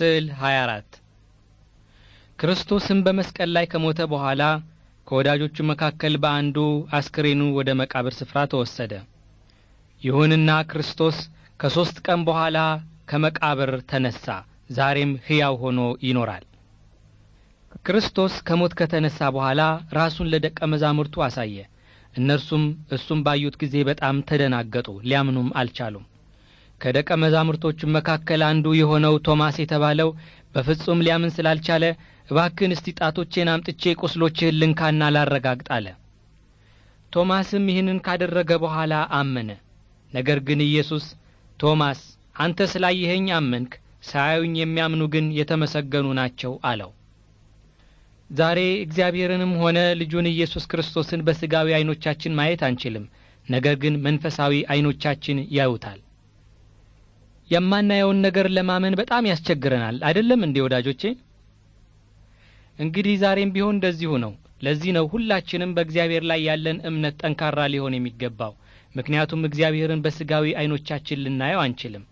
ስዕል 24 ክርስቶስም በመስቀል ላይ ከሞተ በኋላ ከወዳጆቹ መካከል በአንዱ አስክሬኑ ወደ መቃብር ስፍራ ተወሰደ። ይሁንና ክርስቶስ ከሦስት ቀን በኋላ ከመቃብር ተነሳ፣ ዛሬም ሕያው ሆኖ ይኖራል። ክርስቶስ ከሞት ከተነሳ በኋላ ራሱን ለደቀ መዛሙርቱ አሳየ። እነርሱም እሱም ባዩት ጊዜ በጣም ተደናገጡ፣ ሊያምኑም አልቻሉም። ከደቀ መዛሙርቶቹም መካከል አንዱ የሆነው ቶማስ የተባለው በፍጹም ሊያምን ስላልቻለ እባክን እስቲ ጣቶቼን አምጥቼ ቁስሎችህን ልንካና ላረጋግጥ አለ። ቶማስም ይህንን ካደረገ በኋላ አመነ። ነገር ግን ኢየሱስ ቶማስ አንተ ስላየኸኝ አመንክ፣ ሳያዩኝ የሚያምኑ ግን የተመሰገኑ ናቸው አለው። ዛሬ እግዚአብሔርንም ሆነ ልጁን ኢየሱስ ክርስቶስን በሥጋዊ ዐይኖቻችን ማየት አንችልም። ነገር ግን መንፈሳዊ ዐይኖቻችን ያዩታል። የማናየውን ነገር ለማመን በጣም ያስቸግረናል። አይደለም እንዴ ወዳጆቼ? እንግዲህ ዛሬም ቢሆን እንደዚሁ ነው። ለዚህ ነው ሁላችንም በእግዚአብሔር ላይ ያለን እምነት ጠንካራ ሊሆን የሚገባው። ምክንያቱም እግዚአብሔርን በስጋዊ አይኖቻችን ልናየው አንችልም።